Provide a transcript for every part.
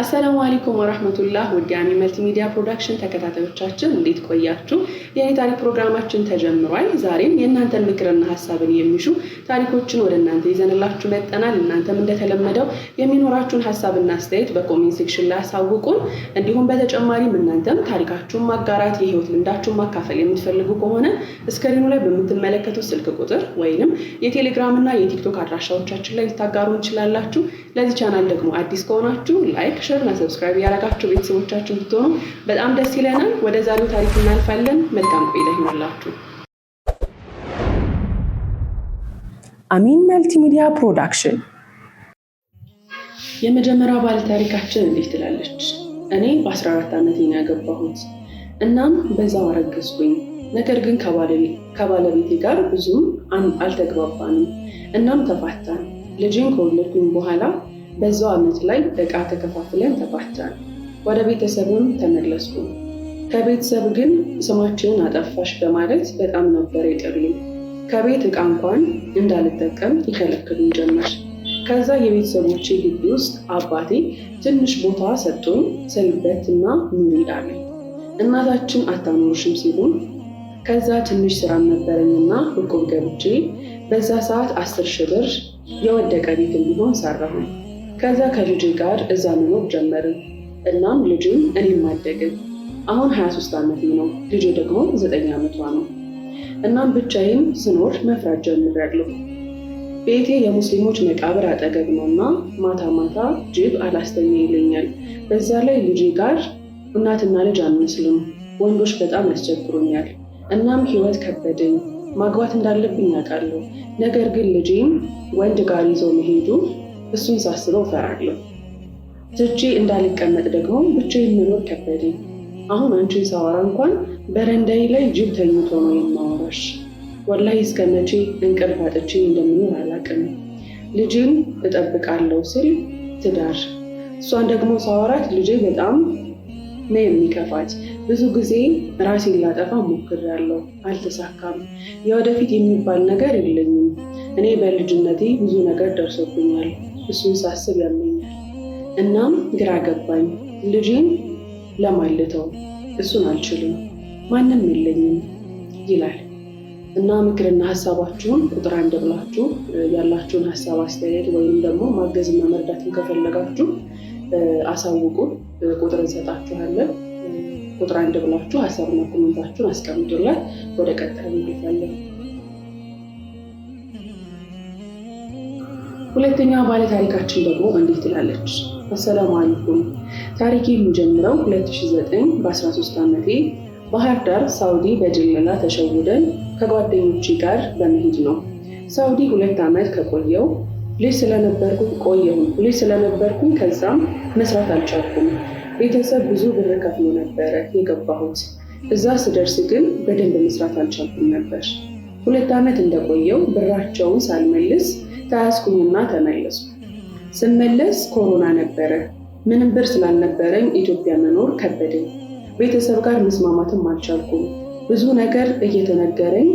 አሰላሙ አለይኩም ወራህመቱላህ ወዲያሚ መልቲሚዲያ ፕሮዳክሽን ተከታታዮቻችን እንዴት ቆያችሁ? የኔ ታሪክ ፕሮግራማችን ተጀምሯል። ዛሬም የእናንተን ምክርና ሀሳብን የሚሹ ታሪኮችን ወደ እናንተ ይዘንላችሁ መጠናል። እናንተም እንደተለመደው የሚኖራችሁን ሀሳብና አስተያየት በኮሜንት ሴክሽን ላይ አሳውቁን። እንዲሁም በተጨማሪም እናንተም ታሪካችሁን ማጋራት፣ የህይወት ልምዳችሁን ማካፈል የምትፈልጉ ከሆነ እስክሪኑ ላይ በምትመለከቱት ስልክ ቁጥር ወይንም የቴሌግራምና የቲክቶክ አድራሻዎቻችን ላይ ልታጋሩ እንችላላችሁ። ለዚህ ቻናል ደግሞ አዲስ ከሆናችሁ ላይክ ሼር እና ሰብስክራይብ እያደረጋችሁ ቤተሰቦቻችን ብትሆኑ በጣም ደስ ይለናል። ወደ ዛሬው ታሪክ እናልፋለን። መልካም ቆይታ ይሆንላችሁ። አሚን መልቲሚዲያ ፕሮዳክሽን የመጀመሪያ ባለ ታሪካችን እንዲህ ትላለች። እኔ በ14 ዓመት ነው ያገባሁት። እናም በዛው አረገዝኩኝ። ነገር ግን ከባለቤቴ ጋር ብዙም አልተግባባንም። እናም ተፋታን። ልጅን ከወለድኩኝ በኋላ በዛው ዓመት ላይ ዕቃ ተከፋፍለን ተፋታን። ወደ ቤተሰቡን ተመለስኩ። ከቤተሰብ ግን ስማችንን አጠፋሽ በማለት በጣም ነበር የጠሉኝ። ከቤት ዕቃ እንኳን እንዳልጠቀም ይከለክሉን ጀመር። ከዛ የቤተሰቦች ግቢ ውስጥ አባቴ ትንሽ ቦታ ሰጡን። እና ኑር ይላሉ። እናታችን አታኖርሽም ሲሆን፣ ከዛ ትንሽ ስራ ነበረኝና እቁብ ገብቼ በዛ ሰዓት አስር ሺህ ብር የወደቀ ቤት እንዲሆን ሰራሁን። ከዛ ከልጄ ጋር እዛ መኖር ጀመርን። እናም ልጅም እኔም አደግን። አሁን 23 ዓመት ነው፣ ልጅ ደግሞ 9 ዓመቷ ነው። እናም ብቻዬን ስኖር መፍራት ጀምሬያለሁ። ቤቴ የሙስሊሞች መቃብር አጠገብ ነው እና ማታ ማታ ጅብ አላስተኛ ይለኛል። በዛ ላይ ልጅ ጋር እናትና ልጅ አንመስልም። ወንዶች በጣም ያስቸግሩኛል። እናም ህይወት ከበደኝ። ማግባት እንዳለብኝ አውቃለሁ። ነገር ግን ልጅም ወንድ ጋር ይዘው መሄዱ እሱን ሳስበው ፈራለሁ። ትቼ እንዳልቀመጥ ደግሞ ብቻዬን መኖር ከበደኝ። አሁን አንቺን ሳወራ እንኳን በረንዳዬ ላይ ጅብ ተኝቶ ነው የማወራሽ። ወላሂ እስከ መቼ እንቅልፍ አጥቼ እንደምኖር አላውቅም። ልጅን እጠብቃለሁ ስል ትዳር፣ እሷን ደግሞ ሳወራት ልጄ በጣም ነው የሚከፋት። ብዙ ጊዜ ራሴን ላጠፋ ሞክሬያለሁ፣ አልተሳካም። የወደፊት የሚባል ነገር የለኝም። እኔ በልጅነቴ ብዙ ነገር ደርሶብኛል። እሱን ሳስብ ያመኛል። እናም ግራ ገባኝ። ልጄን ለማልተው እሱን አልችልም፣ ማንም የለኝም ይላል እና ምክርና ሀሳባችሁን ቁጥር አንድ ብላችሁ ያላችሁን ሀሳብ አስተያየት፣ ወይም ደግሞ ማገዝና መርዳትን ከፈለጋችሁ አሳውቁ። ቁጥር እንሰጣችኋለን። ቁጥር አንድ ብላችሁ ሀሳብና ኮመንታችሁን አስቀምጡላት። ወደ ቀጣይ እንሄዳለን። ሁለተኛ ባለ ታሪካችን ደግሞ እንዲህ ትላለች። አሰላሙ አለይኩም። ታሪክ የሚጀምረው 2009 በ13 ዓመቴ ባህር ዳር ሳውዲ በጀለላ ተሸውደን ከጓደኞቼ ጋር በመሄድ ነው። ሳውዲ ሁለት ዓመት ከቆየው ልጅ ስለነበርኩ ቆየሁ ልጅ ስለነበርኩኝ ከዛም መስራት አልቻልኩም። ቤተሰብ ብዙ ብር ከፍሎ ነበረ የገባሁት። እዛ ስደርስ ግን በደንብ መስራት አልቻልኩም ነበር። ሁለት ዓመት እንደቆየው ብራቸውን ሳልመልስ ተያዝኩኝና ተመለሱ ስመለስ ኮሮና ነበረ። ምንም ብር ስላልነበረኝ ኢትዮጵያ መኖር ከበደኝ። ቤተሰብ ጋር መስማማትም አልቻልኩም። ብዙ ነገር እየተነገረኝ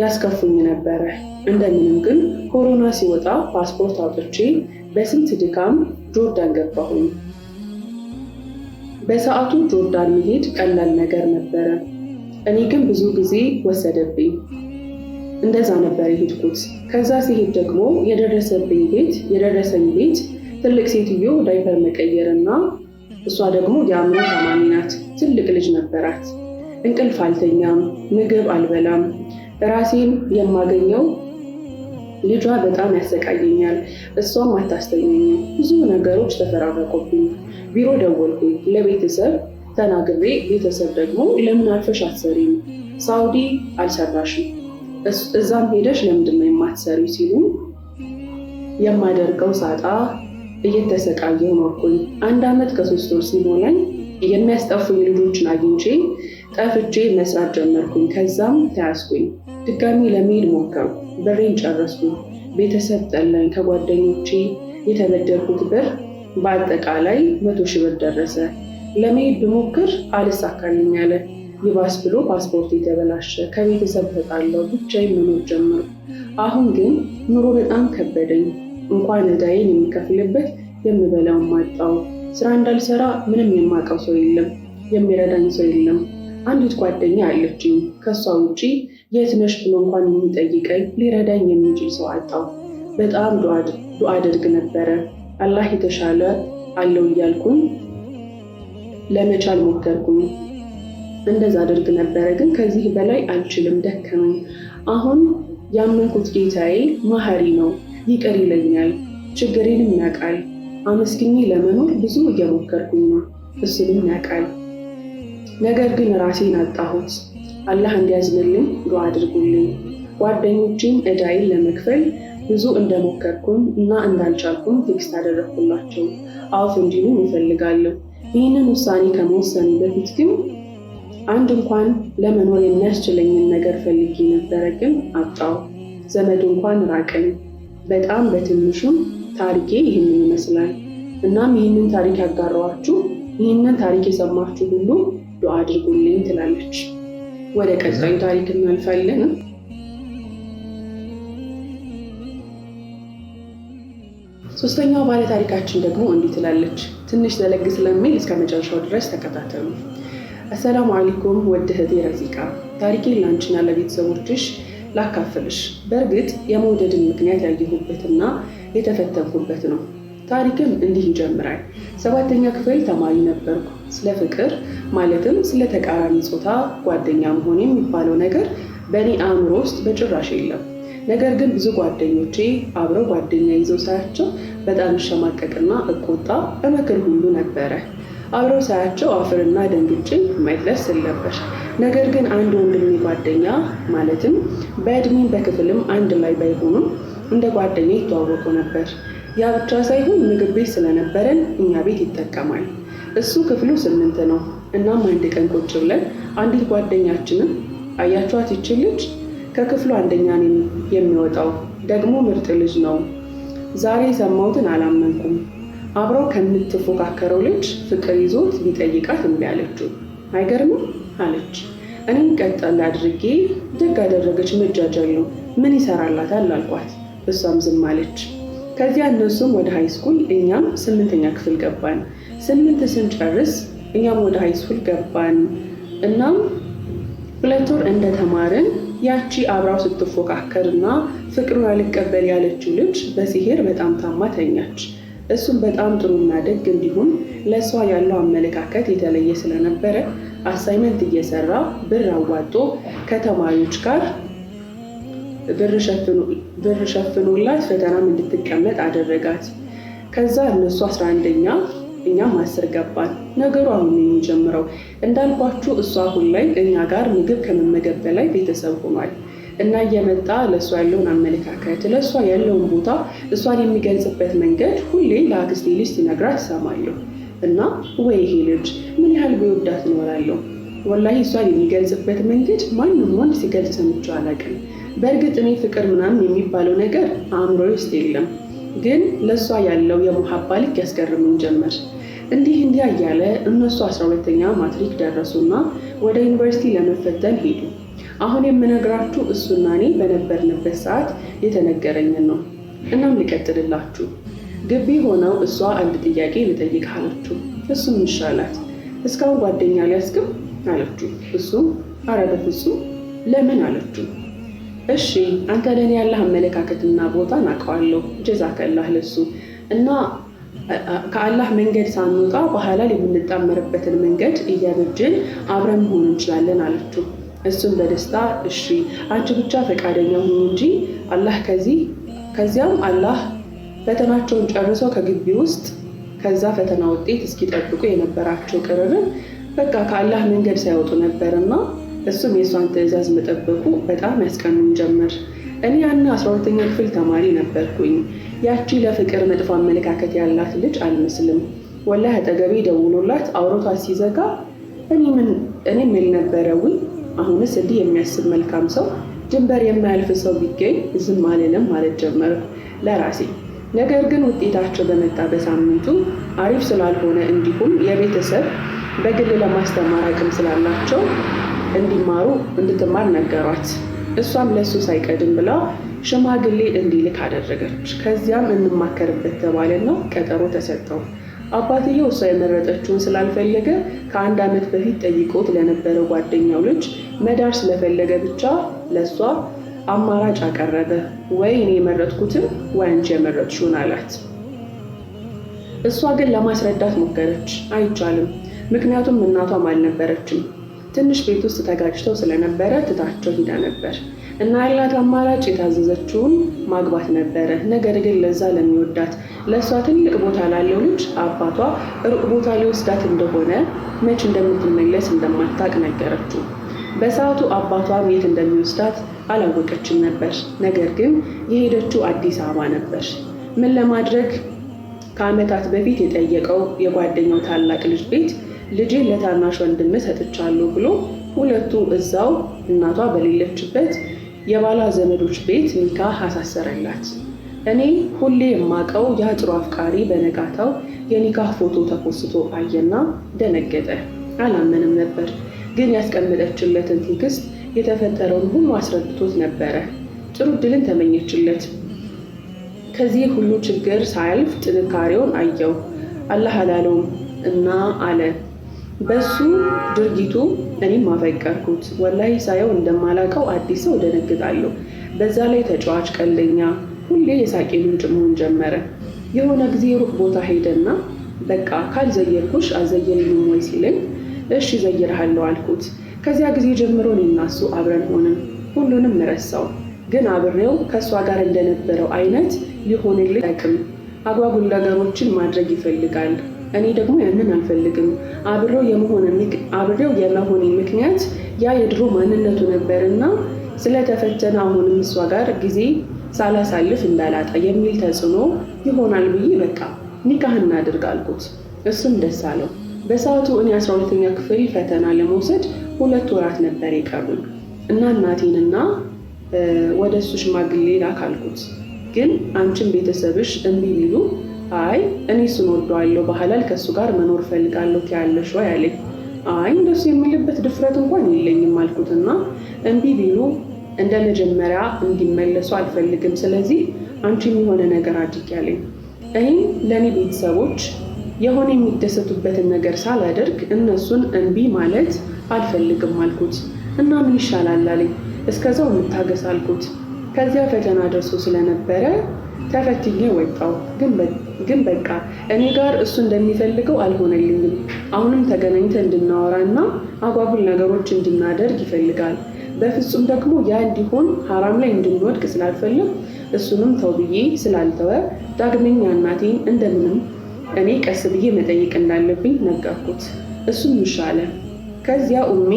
ያስከፉኝ ነበረ። እንደምንም ግን ኮሮና ሲወጣ ፓስፖርት አውጥቼ በስንት ድካም ጆርዳን ገባሁኝ። በሰዓቱ ጆርዳን መሄድ ቀላል ነገር ነበረ። እኔ ግን ብዙ ጊዜ ወሰደብኝ። እንደዛ ነበር የሄድኩት። ከዛ ሲሄድ ደግሞ የደረሰብኝ ቤት የደረሰኝ ቤት ትልቅ ሴትዮ ዳይፐር መቀየር እና እሷ ደግሞ የአእምሮ ታማሚ ናት። ትልቅ ልጅ ነበራት። እንቅልፍ አልተኛም፣ ምግብ አልበላም። ራሴን የማገኘው ልጇ በጣም ያሰቃየኛል፣ እሷም አታስተኛኝም። ብዙ ነገሮች ተፈራረቁብኝ። ቢሮ ደወልኩኝ ለቤተሰብ ተናግሬ፣ ቤተሰብ ደግሞ ለምን አርፈሽ አትሰሪም? ሳውዲ አልሰራሽም እዛም ሄደሽ ለምንድን ነው የማትሰሪ ሲሉ የማደርገው ሳጣ እየተሰቃየው ኖርኩኝ። አንድ ዓመት ከሶስት ወር ሲሆነኝ የሚያስጠፉኝ ልጆችን አግኝቼ ጠፍቼ መስራት ጀመርኩኝ። ከዛም ተያዝኩኝ። ድጋሚ ለመሄድ ሞከርኩ። ብሬን ጨረስኩ። ቤተሰብ ጠላኝ። ከጓደኞቼ የተበደርኩት ብር በአጠቃላይ መቶ ሺህ ብር ደረሰ። ለመሄድ ብሞክር አልሳካልኝ አለ። ይባስ ብሎ ፓስፖርት የተበላሸ ከቤተሰብ ተጣለው ብቻዬን መኖር ጀመሩ። አሁን ግን ኑሮ በጣም ከበደኝ። እንኳን ዕዳዬን የሚከፍልበት የምበላው ማጣው፣ ስራ እንዳልሰራ ምንም የማውቀው ሰው የለም፣ የሚረዳኝ ሰው የለም። አንዲት ጓደኛ አለችኝ። ከእሷ ውጪ የት ነሽ ብሎ እንኳን የሚጠይቀኝ ሊረዳኝ የሚችል ሰው አጣው። በጣም ዱዓ አድርግ ነበረ። አላህ የተሻለ አለው እያልኩኝ ለመቻል ሞከርኩኝ። እንደዛ አድርግ ነበረ፣ ግን ከዚህ በላይ አልችልም፣ ደከመኝ። አሁን ያመንኩት ጌታዬ ማህሪ ነው፣ ይቅር ይለኛል፣ ችግሬንም ያውቃል። አመስግኜ ለመኖር ብዙ እየሞከርኩኝ ነው፣ እሱንም ያውቃል። ነገር ግን ራሴን አጣሁት። አላህ እንዲያዝንልኝ ዱዓ አድርጉልኝ። ጓደኞቼም እዳይን ለመክፈል ብዙ እንደሞከርኩኝ እና እንዳልቻልኩኝ ቴክስት አደረግኩላቸው። አውፍ እንዲሉ ይፈልጋለሁ። ይህንን ውሳኔ ከመወሰኑ በፊት ግን አንድ እንኳን ለመኖር የሚያስችለኝን ነገር ፈልጌ ነበረ፣ ግን አጣው። ዘመድ እንኳን ራቀኝ። በጣም በትንሹም ታሪኬ ይህንን ይመስላል። እናም ይህንን ታሪክ ያጋራዋችሁ፣ ይህንን ታሪክ የሰማችሁ ሁሉ ዱዓ አድርጉልኝ ትላለች። ወደ ቀጣዩ ታሪክ እናልፋለን። ሶስተኛው ባለ ታሪካችን ደግሞ እንዲህ ትላለች። ትንሽ ዘለግ ስለሚል እስከ መጨረሻው ድረስ ተከታተሉ። አሰላሙ አለይኩም ውድ እህቴ ረዚቃ፣ ታሪኬን ላንችና ለቤተሰቦችሽ ላካፍልሽ። በእርግጥ የመውደድን ምክንያት ያየሁበትና የተፈተንኩበት ነው። ታሪክም እንዲህ ይጀምራል። ሰባተኛ ክፍል ተማሪ ነበርኩ። ስለ ፍቅር ማለትም ስለ ተቃራኒ ፆታ ጓደኛ መሆን የሚባለው ነገር በእኔ አእምሮ ውስጥ በጭራሽ የለም። ነገር ግን ብዙ ጓደኞቼ አብረው ጓደኛ ይዘው ሳያቸው በጣም እሸማቀቅና እቆጣ፣ እመክር ሁሉ ነበረ አብረው ሳያቸው አፍርና ደንግጬ መድረስ ነበር ነገር ግን አንድ ወንድሜ ጓደኛ ማለትም በእድሜም በክፍልም አንድ ላይ ባይሆኑም እንደ ጓደኛ ይተዋወቁ ነበር። ያ ብቻ ሳይሆን ምግብ ቤት ስለነበረን እኛ ቤት ይጠቀማል። እሱ ክፍሉ ስምንት ነው። እናም አንድ ቀን ቁጭ ብለን አንዲት ጓደኛችንን አያችኋት ይች ልጅ ከክፍሉ አንደኛ የሚወጣው ደግሞ ምርጥ ልጅ ነው። ዛሬ የሰማሁትን አላመንኩም። አብረው ከምትፎካከረው ልጅ ፍቅር ይዞት ቢጠይቃት እምቢ አለችው። አይገርምም አለች። እኔም ቀጠል አድርጌ ደግ አደረገች፣ መጃጃል ምን ይሰራላታል አልኳት። እሷም ዝም አለች። ከዚያ እነሱም ወደ ሃይስኩል እኛም ስምንተኛ ክፍል ገባን። ስምንት ስንጨርስ እኛም ወደ ሃይስኩል ገባን። እናም ሁለት ወር እንደተማርን ያቺ አብራው ስትፎካከር እና ፍቅሩን አልቀበል ያለችው ልጅ በሲሄር በጣም ታማ ተኛች። እሱም በጣም ጥሩና ደግ እንዲሁም ለእሷ ያለው አመለካከት የተለየ ስለነበረ አሳይመንት እየሰራ ብር አዋጦ ከተማሪዎች ጋር ብር ሸፍኖላት ፈተናም እንድትቀመጥ አደረጋት። ከዛ እነሱ 11ኛ እኛም አስር ገባን። ነገሩ አሁን የሚጀምረው እንዳልኳችሁ እሱ አሁን ላይ እኛ ጋር ምግብ ከመመገብ በላይ ቤተሰብ ሆኗል። እና እየመጣ ለእሷ ያለውን አመለካከት ለእሷ ያለውን ቦታ እሷን የሚገልጽበት መንገድ ሁሌ ለአክስቴ ልጅ ሲነግራት ይሰማለሁ እና ወይ ይሄ ልጅ ምን ያህል በወዳት እኖራለሁ። ወላሂ እሷን የሚገልጽበት መንገድ ማንም ወንድ ሲገልጽ ሰምቼ አላውቅም። በእርግጥ እኔ ፍቅር ምናምን የሚባለው ነገር አእምሮ ውስጥ የለም፣ ግን ለእሷ ያለው የመሀባ ልክ ያስገርምን ጀመር። እንዲህ እንዲያ እያለ እነሱ አስራ ሁለተኛ ማትሪክ ደረሱና ወደ ዩኒቨርሲቲ ለመፈተን ሄዱ። አሁን የምነግራችሁ እሱና እኔ በነበርንበት ሰዓት የተነገረኝን ነው። እናም ሊቀጥልላችሁ ግቢ ሆነው እሷ አንድ ጥያቄ ልጠይቅ አለችው። እሱም ይሻላት እስካሁን ጓደኛ ሊያስግብ አለችው። እሱም አረ በፍጹም ለምን አለችው። እሺ አንተ ለእኔ ያለህ አመለካከትና ቦታ ናውቀዋለሁ። ጀዛ ከላህ ለሱ እና ከአላህ መንገድ ሳንወጣ በኋላ የምንጣመርበትን መንገድ እያበጅን አብረን መሆን እንችላለን አለችው። እሱም በደስታ እሺ አንቺ ብቻ ፈቃደኛ ሁኑ እንጂ አላህ ከዚህ ከዚያም አላህ ፈተናቸውን ጨርሰው ከግቢ ውስጥ ከዛ ፈተና ውጤት እስኪጠብቁ የነበራቸው ቅርርን በቃ ከአላህ መንገድ ሳይወጡ ነበርና እሱም የእሷን ትዕዛዝ መጠበቁ በጣም ያስቀኑም ጀመር። እኔ ያን አስራ ሁለተኛ ክፍል ተማሪ ነበርኩኝ። ያቺ ለፍቅር መጥፎ አመለካከት ያላት ልጅ አልመስልም። ወላህ አጠገቤ ደውሎላት አውሮቷ ሲዘጋ እኔ ምን ነበረውኝ አሁንስ እንዲህ የሚያስብ መልካም ሰው ድንበር የማያልፍ ሰው ቢገኝ ዝም አልልም ማለት ጀመርኩ ለራሴ። ነገር ግን ውጤታቸው በመጣ በሳምንቱ አሪፍ ስላልሆነ እንዲሁም የቤተሰብ በግል ለማስተማር አቅም ስላላቸው እንዲማሩ እንድትማር ነገሯት። እሷም ለእሱ ሳይቀድም ብላ ሽማግሌ እንዲልክ አደረገች። ከዚያም እንማከርበት ነው ቀጠሮ ተሰጠው። አባትየው እሷ የመረጠችውን ስላልፈለገ ከአንድ ዓመት በፊት ጠይቆት ለነበረ ጓደኛው ልጅ መዳር ስለፈለገ ብቻ ለእሷ አማራጭ አቀረበ። ወይ እኔ የመረጥኩትን ወይ አንቺ የመረጥሽውን አላት። እሷ ግን ለማስረዳት ሞከረች፣ አይቻልም። ምክንያቱም እናቷም አልነበረችም። ትንሽ ቤት ውስጥ ተጋጭተው ስለነበረ ትታቸው ሂዳ ነበር። እና ያላት አማራጭ የታዘዘችውን ማግባት ነበረ። ነገር ግን ለዛ ለሚወዳት ለእሷ ትልቅ ቦታ ላለው ልጅ አባቷ ሩቅ ቦታ ሊወስዳት እንደሆነ፣ መች እንደምትመለስ እንደማታቅ ነገረችው። በሰዓቱ አባቷም የት እንደሚወስዳት አላወቀችም ነበር። ነገር ግን የሄደችው አዲስ አበባ ነበር። ምን ለማድረግ ከዓመታት በፊት የጠየቀው የጓደኛው ታላቅ ልጅ ቤት ልጄን ለታናሽ ወንድም ሰጥቻለሁ ብሎ ሁለቱ እዛው እናቷ በሌለችበት የባላ ዘመዶች ቤት ኒካህ አሳሰረላት። እኔ ሁሌ የማቀው የአጥሩ አፍቃሪ በነጋታው የኒካህ ፎቶ ተኮስቶ አየና ደነገጠ። አላመንም ነበር፣ ግን ያስቀመጠችለትን ቴክስት የተፈጠረውን ሁሉ አስረድቶት ነበረ። ጥሩ እድልን ተመኘችለት። ከዚህ ሁሉ ችግር ሳያልፍ ጥንካሬውን አየው። አላህ አላለውም እና አለ በሱ ድርጊቱ እኔም አፈቀርኩት። ወላሂ ሳየው እንደማላቀው አዲስ ሰው ደነግጣለሁ። በዛ ላይ ተጫዋች፣ ቀልደኛ፣ ሁሌ የሳቄ ምንጭ መሆን ጀመረ። የሆነ ጊዜ ሩቅ ቦታ ሄደና በቃ ካልዘየርኩሽ አዘየልኝም ወይ ሲለኝ እሺ ዘይርሃለሁ አልኩት። ከዚያ ጊዜ ጀምሮ እኔና እሱ አብረን ሆንን። ሁሉንም ረሳው፣ ግን አብሬው ከእሷ ጋር እንደነበረው አይነት ሊሆንልኝ ጠቅም አጓጉል ነገሮችን ማድረግ ይፈልጋል። እኔ ደግሞ ያንን አልፈልግም። አብሬው የመሆኔ ምክንያት ያ የድሮ ማንነቱ ነበር እና ስለተፈተነ አሁንም እሷ ጋር ጊዜ ሳላሳልፍ እንዳላጣ የሚል ተጽዕኖ ይሆናል ብዬ በቃ ኒካህ እናድርግ አልኩት። እሱም ደስ አለው። በሰዓቱ እኔ አስራ ሁለተኛ ክፍል ፈተና ለመውሰድ ሁለት ወራት ነበር የቀሩን እና እናቴንና ወደ እሱ ሽማግሌ ላካልኩት። ግን አንቺን ቤተሰብሽ እምቢ ቢሉ አይ እኔ እሱን ወደዋለሁ፣ በሐላል ከእሱ ጋር መኖር ፈልጋለሁ ትያለሽ ወይ አለኝ። አይ እንደሱ የምልበት ድፍረት እንኳን የለኝም አልኩትና እምቢ ቢሉ እንደ መጀመሪያ እንዲመለሱ አልፈልግም። ስለዚህ አንቺም የሆነ ነገር አድርጊ አለኝ። እኔም ለእኔ ቤተሰቦች የሆነ የሚደሰቱበትን ነገር ሳላደርግ እነሱን እምቢ ማለት አልፈልግም አልኩት እና ምን ይሻላል አለኝ። እስከዛው እንታገስ አልኩት። ከዚያ ፈተና ደርሶ ስለነበረ ተፈትኜ ወጣሁ ግን ግን በቃ እኔ ጋር እሱ እንደሚፈልገው አልሆነልኝም። አሁንም ተገናኝተ እንድናወራ እና አጓጉል ነገሮች እንድናደርግ ይፈልጋል። በፍጹም ደግሞ ያ እንዲሆን ሀራም ላይ እንድንወድቅ ስላልፈልግ እሱንም ተው ብዬ ስላልተወ ዳግመኛ እናቴን እንደምንም እኔ ቀስ ብዬ መጠየቅ እንዳለብኝ ነገርኩት። እሱም ይሻለ። ከዚያ ኡሜ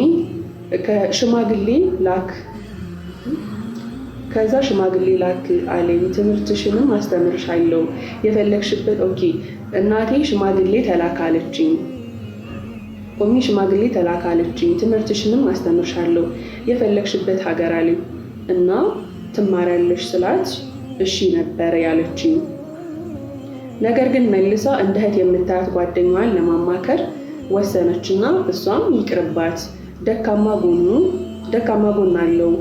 ከሽማግሌ ላክ ከዛ ሽማግሌ ላክ አለኝ። ትምህርትሽንም አስተምርሻለሁ የፈለግሽበት ኦኬ። እናቴ ሽማግሌ ተላካለችኝ ቆሚ ሽማግሌ ተላካለችኝ። ትምህርትሽንም አስተምርሻለሁ የፈለግሽበት ሀገር አለኝ እና ትማሪያለሽ ስላት እሺ ነበረ ያለችኝ። ነገር ግን መልሳ እንደ እህት የምታያት ጓደኛዋን ለማማከር ወሰነችና እሷም ይቅርባት ደካማ ጎኑ ደካማ ጎን አለው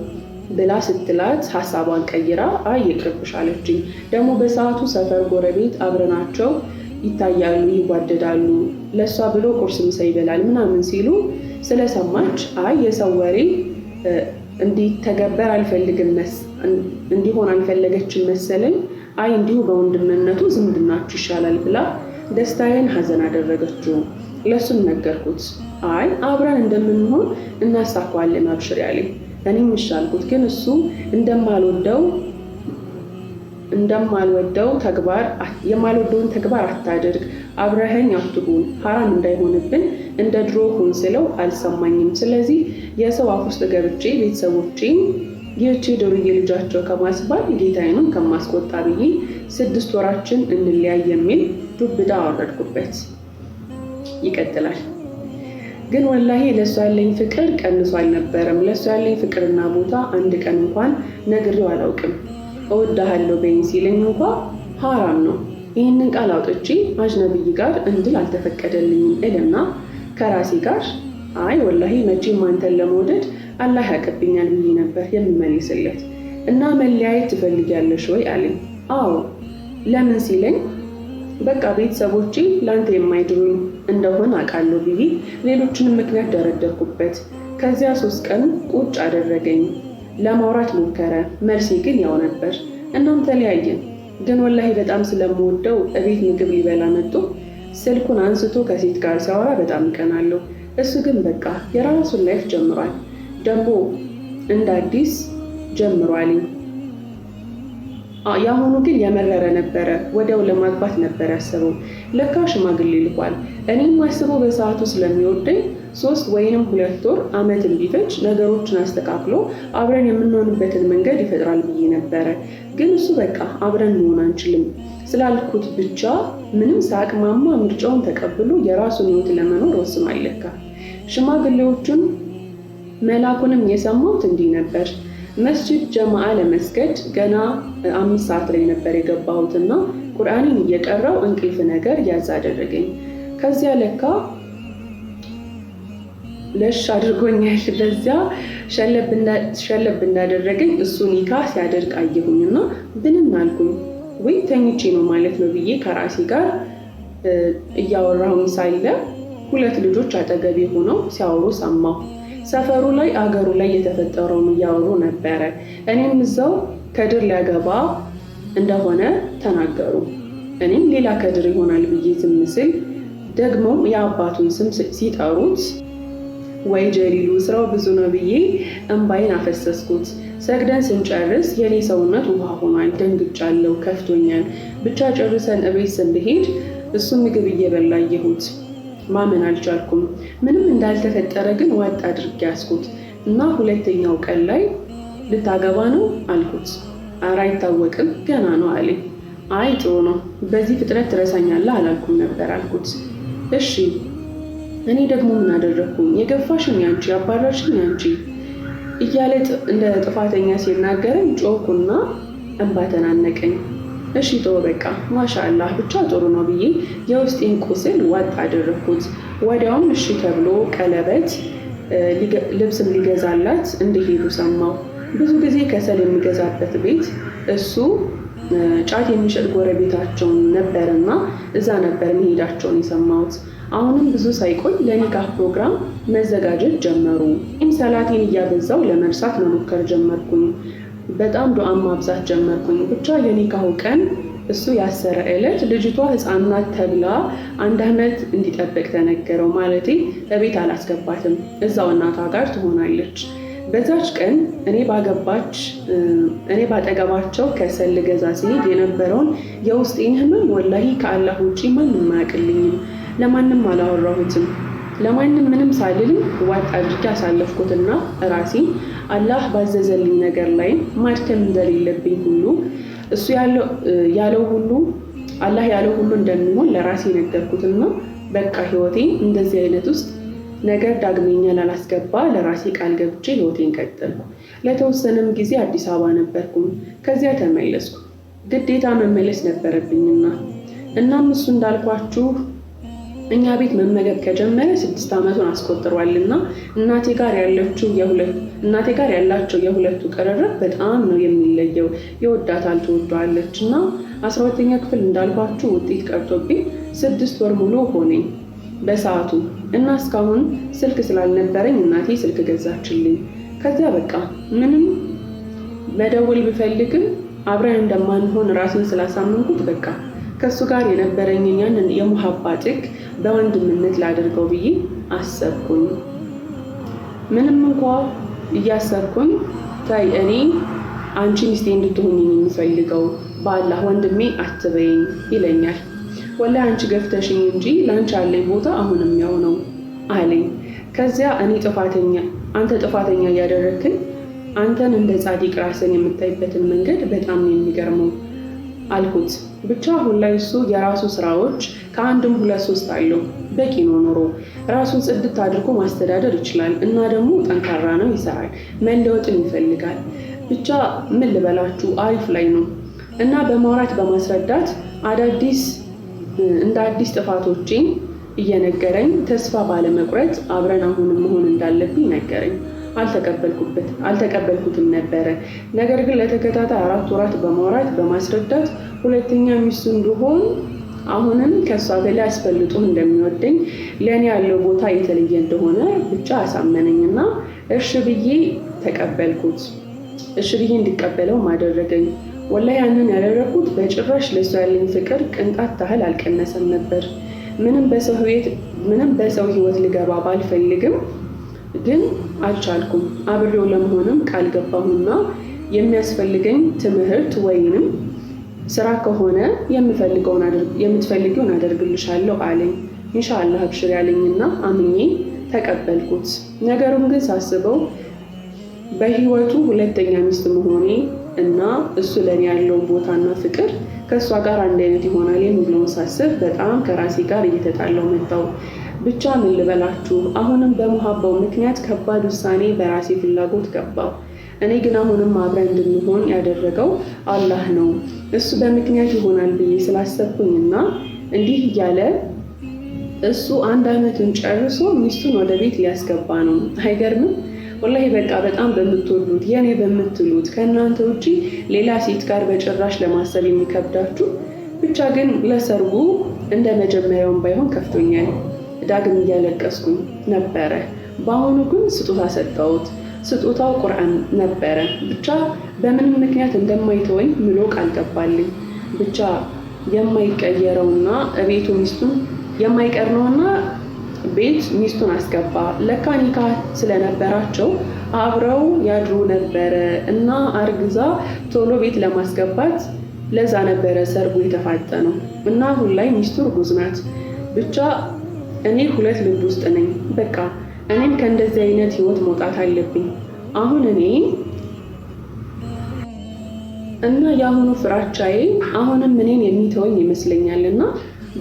ብላ ስትላት ሀሳቧን ቀይራ አይ ይቅርብሽ አለችኝ። ደግሞ በሰዓቱ ሰፈር ጎረቤት አብረናቸው ይታያሉ፣ ይዋደዳሉ፣ ለእሷ ብሎ ቁርስ ምሳ ይበላል ምናምን ሲሉ ስለሰማች አይ የሰው ወሬ እንዲተገበር አልፈልግም እንዲሆን አልፈለገችም መሰለኝ። አይ እንዲሁ በወንድምነቱ ዝምድናችሁ ይሻላል ብላ ደስታዬን ሀዘን አደረገችው። ለሱም ነገርኩት። አይ አብረን እንደምንሆን እናሳኳለን አብሽር ያለኝ እኔ የሚሻልኩት ግን እሱ እንደማልወደው እንደማልወደው ተግባር የማልወደውን ተግባር አታድርግ፣ አብረኸኝ አትሁን፣ ሀራም እንዳይሆንብን እንደ ድሮ ሁን ስለው አልሰማኝም። ስለዚህ የሰው አፍ ውስጥ ገብቼ ቤተሰቦቼም ይህቺ ዱርዬ ልጃቸው ከማስባል ጌታዬንም ከማስቆጣ ብዬ ስድስት ወራችን እንለያይ የሚል ዱብዳ አወረድኩበት። ይቀጥላል። ግን ወላሂ ለእሱ ያለኝ ፍቅር ቀንሶ አልነበረም። ለእሱ ያለኝ ፍቅርና ቦታ አንድ ቀን እንኳን ነግሬው አላውቅም። እወዳሃለሁ በይኝ ሲለኝ እንኳ ሀራም ነው። ይህንን ቃል አውጥቼ አጅነብይ ጋር እንድል አልተፈቀደልኝም እልና ከራሴ ጋር አይ ወላሂ መቼም አንተን ለመውደድ አላህ ያቀብኛል ብዬ ነበር የምመልስለት እና መለያየት ትፈልጊያለሽ ወይ አለኝ። አዎ ለምን ሲለኝ በቃ ቤተሰቦቼ ለአንተ የማይድሩኝ እንደሆን አውቃለሁ ብዬ ሌሎችንም ምክንያት ደረደርኩበት። ከዚያ ሶስት ቀን ቁጭ አደረገኝ። ለማውራት ሞከረ፣ መልሴ ግን ያው ነበር። እናም ተለያየን። ግን ወላሂ በጣም ስለምወደው እቤት ምግብ ሊበላ መጡ። ስልኩን አንስቶ ከሴት ጋር ሲያወራ በጣም እቀናለሁ። እሱ ግን በቃ የራሱን ላይፍ ጀምሯል፣ ደግሞ እንደ አዲስ ጀምሯልኝ። የአሁኑ ግን ያመረረ ነበረ። ወዲያው ለማግባት ነበር ያሰበው። ለካ ሽማግሌ ልኳል። እኔም አስበው በሰዓቱ ስለሚወደኝ ሶስት ወይንም ሁለት ወር አመት ቢፈጅ ነገሮችን አስተካክሎ አብረን የምንሆንበትን መንገድ ይፈጥራል ብዬ ነበረ። ግን እሱ በቃ አብረን መሆን አንችልም ስላልኩት ብቻ ምንም ሳቅማማ ምርጫውን ተቀብሎ የራሱን ህይወት ለመኖር ወስኗል። ለካ ሽማግሌዎቹን መላኩንም የሰማሁት እንዲህ ነበር። መስጅድ ጀማዓ ለመስገድ ገና አምስት ሰዓት ላይ ነበር የገባሁትና ቁርአኔን እየቀራው እንቅልፍ ነገር ያዝ አደረገኝ። ከዚያ ለካ ለሽ አድርጎኛል። በዚያ ሸለብ እንዳደረገኝ እሱ ኒካ ሲያደርግ አየሁኝና ብንን አልኩኝ። ወይ ተኝቼ ነው ማለት ነው ብዬ ከራሴ ጋር እያወራሁኝ ሳለ ሁለት ልጆች አጠገቤ ሆነው ሲያወሩ ሰማሁ። ሰፈሩ ላይ አገሩ ላይ የተፈጠረውን እያወሩ ነበረ። እኔም እዛው ከድር ሊያገባ እንደሆነ ተናገሩ። እኔም ሌላ ከድር ይሆናል ብዬ ዝም ስል የአባቱን ስም ሲጠሩት ወይ ጀሊሉ ስራው ብዙ ነው ብዬ እምባይን አፈሰስኩት። ሰግደን ስንጨርስ የኔ ሰውነት ውሃ ሆኗል። ደንግጫለሁ፣ ከፍቶኛል። ብቻ ጨርሰን እቤት ስንሄድ እሱ ምግብ እየበላ አየሁት። ማመን አልቻልኩም። ምንም እንዳልተፈጠረ ግን ዋጥ አድርጌ አስኩት እና ሁለተኛው ቀን ላይ ልታገባ ነው አልኩት። አራ አይታወቅም ገና ነው አለኝ። አይ ጥሩ ነው፣ በዚህ ፍጥነት ትረሳኛለህ አላልኩም ነበር አልኩት። እሺ እኔ ደግሞ ምን አደረግኩኝ? የገፋሽኝ አንቺ፣ አባራሽኝ አንቺ እያለ እንደ ጥፋተኛ ሲናገረኝ ጮኩና እንባ ተናነቀኝ። እሺ ቶ በቃ ማሻላ ብቻ ጥሩ ነው ብዬ የውስጤን ቁስል ዋጥ አደረግኩት። ወዲያውም እሺ ተብሎ ቀለበት ልብስም ሊገዛላት እንደሄዱ ሰማው ብዙ ጊዜ ከሰል የሚገዛበት ቤት እሱ ጫት የሚሸጥ ጎረቤታቸውን ነበርና እዛ ነበር መሄዳቸውን የሰማሁት። አሁንም ብዙ ሳይቆይ ለኒካህ ፕሮግራም መዘጋጀት ጀመሩ። ይህም ሰላቴን እያበዛው ለመርሳት መሞከር ጀመርኩኝ። በጣም ዱዓ ማብዛት ጀመርኩኝ። ብቻ የኒካሁ ቀን እሱ ያሰረ ዕለት ልጅቷ ህፃናት ናት ተብላ አንድ አመት እንዲጠብቅ ተነገረው። ማለቴ እቤት አላስገባትም፣ እዛው እናቷ ጋር ትሆናለች። በዛች ቀን እኔ ባገባች እኔ ባጠገባቸው ከሰል ልገዛ ሲሄድ የነበረውን የውስጤን ህመም ወላሂ ከአላህ ውጪ ማንም አያውቅልኝም። ለማንም አላወራሁትም፣ ለማንም ምንም ሳልልም ዋጥ አድርጌ አሳለፍኩትና ራሴ አላህ ባዘዘልኝ ነገር ላይ ማድከም እንደሌለብኝ ሁሉ እሱ ያለው ሁሉ አላህ ያለው ሁሉ እንደሚሆን ለራሴ ነገርኩትና በቃ ህይወቴ እንደዚህ አይነት ውስጥ ነገር ዳግመኛ ላላስገባ ለራሴ ቃል ገብቼ ህይወቴን ቀጠልኩ። ለተወሰነም ጊዜ አዲስ አበባ ነበርኩም። ከዚያ ተመለስኩ። ግዴታ መመለስ ነበረብኝና እናም እሱ እንዳልኳችሁ እኛ ቤት መመገብ ከጀመረ ስድስት ዓመቱን አስቆጥሯል እና እናቴ ጋር ያለችው እናቴ ጋር ያላቸው የሁለቱ ቅርርብ በጣም ነው የሚለየው። የወዳታል ትወደዋለች እና አስራ ሁለተኛ ክፍል እንዳልኳችሁ ውጤት ቀርቶብኝ ስድስት ወር ሙሉ ሆነኝ በሰዓቱ እና እስካሁን ስልክ ስላልነበረኝ እናቴ ስልክ ገዛችልኝ። ከዚያ በቃ ምንም መደወል ብፈልግም አብረን እንደማንሆን ራሴን ስላሳመንኩት በቃ ከእሱ ጋር የነበረኝን ያንን የሙሀባ ጥግ በወንድምነት ላደርገው ብዬ አሰብኩኝ። ምንም እንኳ እያሰብኩኝ ታይ እኔ አንቺ ሚስቴ እንድትሆኝ የሚፈልገው በአላህ ወንድሜ አትበይኝ ይለኛል። ወላ አንቺ ገፍተሽኝ እንጂ ለአንቺ ያለኝ ቦታ አሁንም ያው ነው አለኝ። ከዚያ እኔ ጥፋተኛ አንተ ጥፋተኛ እያደረግክን አንተን እንደ ጻዲቅ ራስን የምታይበትን መንገድ በጣም ነው የሚገርመው አልኩት። ብቻ አሁን ላይ እሱ የራሱ ስራዎች ከአንድም ሁለት ሶስት አለው። በቂ ነው ኖሮ ራሱን ጽድት አድርጎ ማስተዳደር ይችላል። እና ደግሞ ጠንካራ ነው፣ ይሰራል፣ መለወጥን ይፈልጋል። ብቻ ምን ልበላችሁ አሪፍ ላይ ነው እና በማውራት በማስረዳት አዳዲስ እንደ አዲስ ጥፋቶችን እየነገረኝ ተስፋ ባለመቁረጥ አብረን አሁንም መሆን እንዳለብኝ ነገረኝ። አልተቀበልኩበት አልተቀበልኩትም ነበረ። ነገር ግን ለተከታታይ አራት ወራት በማውራት በማስረዳት ሁለተኛ ሚስቱ እንደሆን አሁንም ከእሷ በላይ አስፈልጦ እንደሚወደኝ ለእኔ ያለው ቦታ የተለየ እንደሆነ ብቻ አሳመነኝና እሺ ብዬ ተቀበልኩት። እሺ ብዬ እንዲቀበለው አደረገኝ። ወላሂ ያንን ያደረግኩት በጭራሽ ለእሷ ያለኝ ፍቅር ቅንጣት ታህል አልቀነሰም ነበር። ምንም በሰው ህይወት ልገባ ባልፈልግም ግን አልቻልኩም። አብሬው ለመሆንም ቃል ገባሁና የሚያስፈልገኝ ትምህርት ወይንም ስራ ከሆነ የምትፈልገውን አደርግልሻለሁ አለኝ። ኢንሻአላህ አብሽር ያለኝና አምኜ ተቀበልኩት። ነገሩን ግን ሳስበው በህይወቱ ሁለተኛ ሚስት መሆኔ እና እሱ ለእኔ ያለውን ቦታና ፍቅር ከእሷ ጋር አንድ አይነት ይሆናል የሚለውን ሳስብ በጣም ከራሴ ጋር እየተጣለው መጣው። ብቻ ምን ልበላችሁ፣ አሁንም በመሃባው ምክንያት ከባድ ውሳኔ በራሴ ፍላጎት ገባው። እኔ ግን አሁንም አብረን እንድንሆን ያደረገው አላህ ነው። እሱ በምክንያት ይሆናል ብዬ ስላሰብኩኝና እንዲህ እያለ እሱ አንድ ዓመቱን ጨርሶ ሚስቱን ወደ ቤት ሊያስገባ ነው። አይገርምም? ወላሂ በቃ በጣም በምትወዱት የኔ በምትሉት ከእናንተ ውጪ ሌላ ሴት ጋር በጭራሽ ለማሰብ የሚከብዳችሁ ብቻ ግን ለሰርጉ እንደ መጀመሪያውን ባይሆን ከፍቶኛል። ዳግም እያለቀስኩ ነበረ። በአሁኑ ግን ስጦታ ሰጠሁት። ስጦታው ቁርአን ነበረ። ብቻ በምንም ምክንያት እንደማይተወኝ ምሎ ቃል ገባልኝ። ብቻ የማይቀየረውና ቤቱ ሚስቱን የማይቀር ነውና ቤት ሚስቱን አስገባ። ለካ ኒካህ ስለነበራቸው አብረው ያድሩ ነበረ እና አርግዛ ቶሎ ቤት ለማስገባት ለዛ ነበረ ሰርጉ ነው። እና አሁን ላይ ሚስቱ እርጉዝ ናት ብቻ እኔ ሁለት ልብ ውስጥ ነኝ። በቃ እኔም ከእንደዚህ አይነት ህይወት መውጣት አለብኝ። አሁን እኔ እና የአሁኑ ፍራቻዬ አሁንም እኔን የሚተወኝ ይመስለኛል እና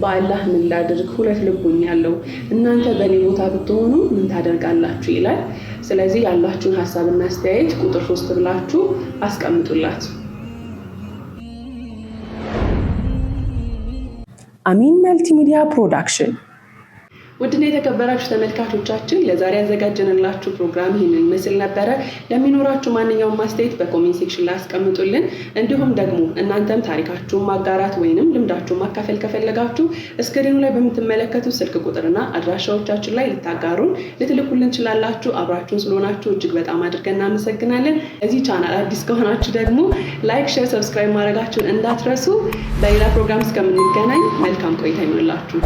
በአላህ ምን ላድርግ? ሁለት ልቡኝ ያለው እናንተ በእኔ ቦታ ብትሆኑ ምን ታደርጋላችሁ ይላል። ስለዚህ ያላችሁን ሀሳብና አስተያየት ቁጥር ሶስት ብላችሁ አስቀምጡላት። አሚን መልቲሚዲያ ፕሮዳክሽን ውድና የተከበራችሁ ተመልካቾቻችን ለዛሬ ያዘጋጀንላችሁ ፕሮግራም ይህንን ምስል ነበረ። ለሚኖራችሁ ማንኛውም ማስተያየት በኮሜንት ሴክሽን ላይ አስቀምጡልን። እንዲሁም ደግሞ እናንተም ታሪካችሁን ማጋራት ወይንም ልምዳችሁን ማካፈል ከፈለጋችሁ እስክሪኑ ላይ በምትመለከቱ ስልክ ቁጥርና አድራሻዎቻችን ላይ ልታጋሩን ልትልኩልን ትችላላችሁ። አብራችሁን ስለሆናችሁ እጅግ በጣም አድርገን እናመሰግናለን። እዚህ ቻናል አዲስ ከሆናችሁ ደግሞ ላይክ፣ ሼር፣ ሰብስክራይብ ማድረጋችሁን እንዳትረሱ። በሌላ ፕሮግራም እስከምንገናኝ መልካም ቆይታ ይሆንላችሁ።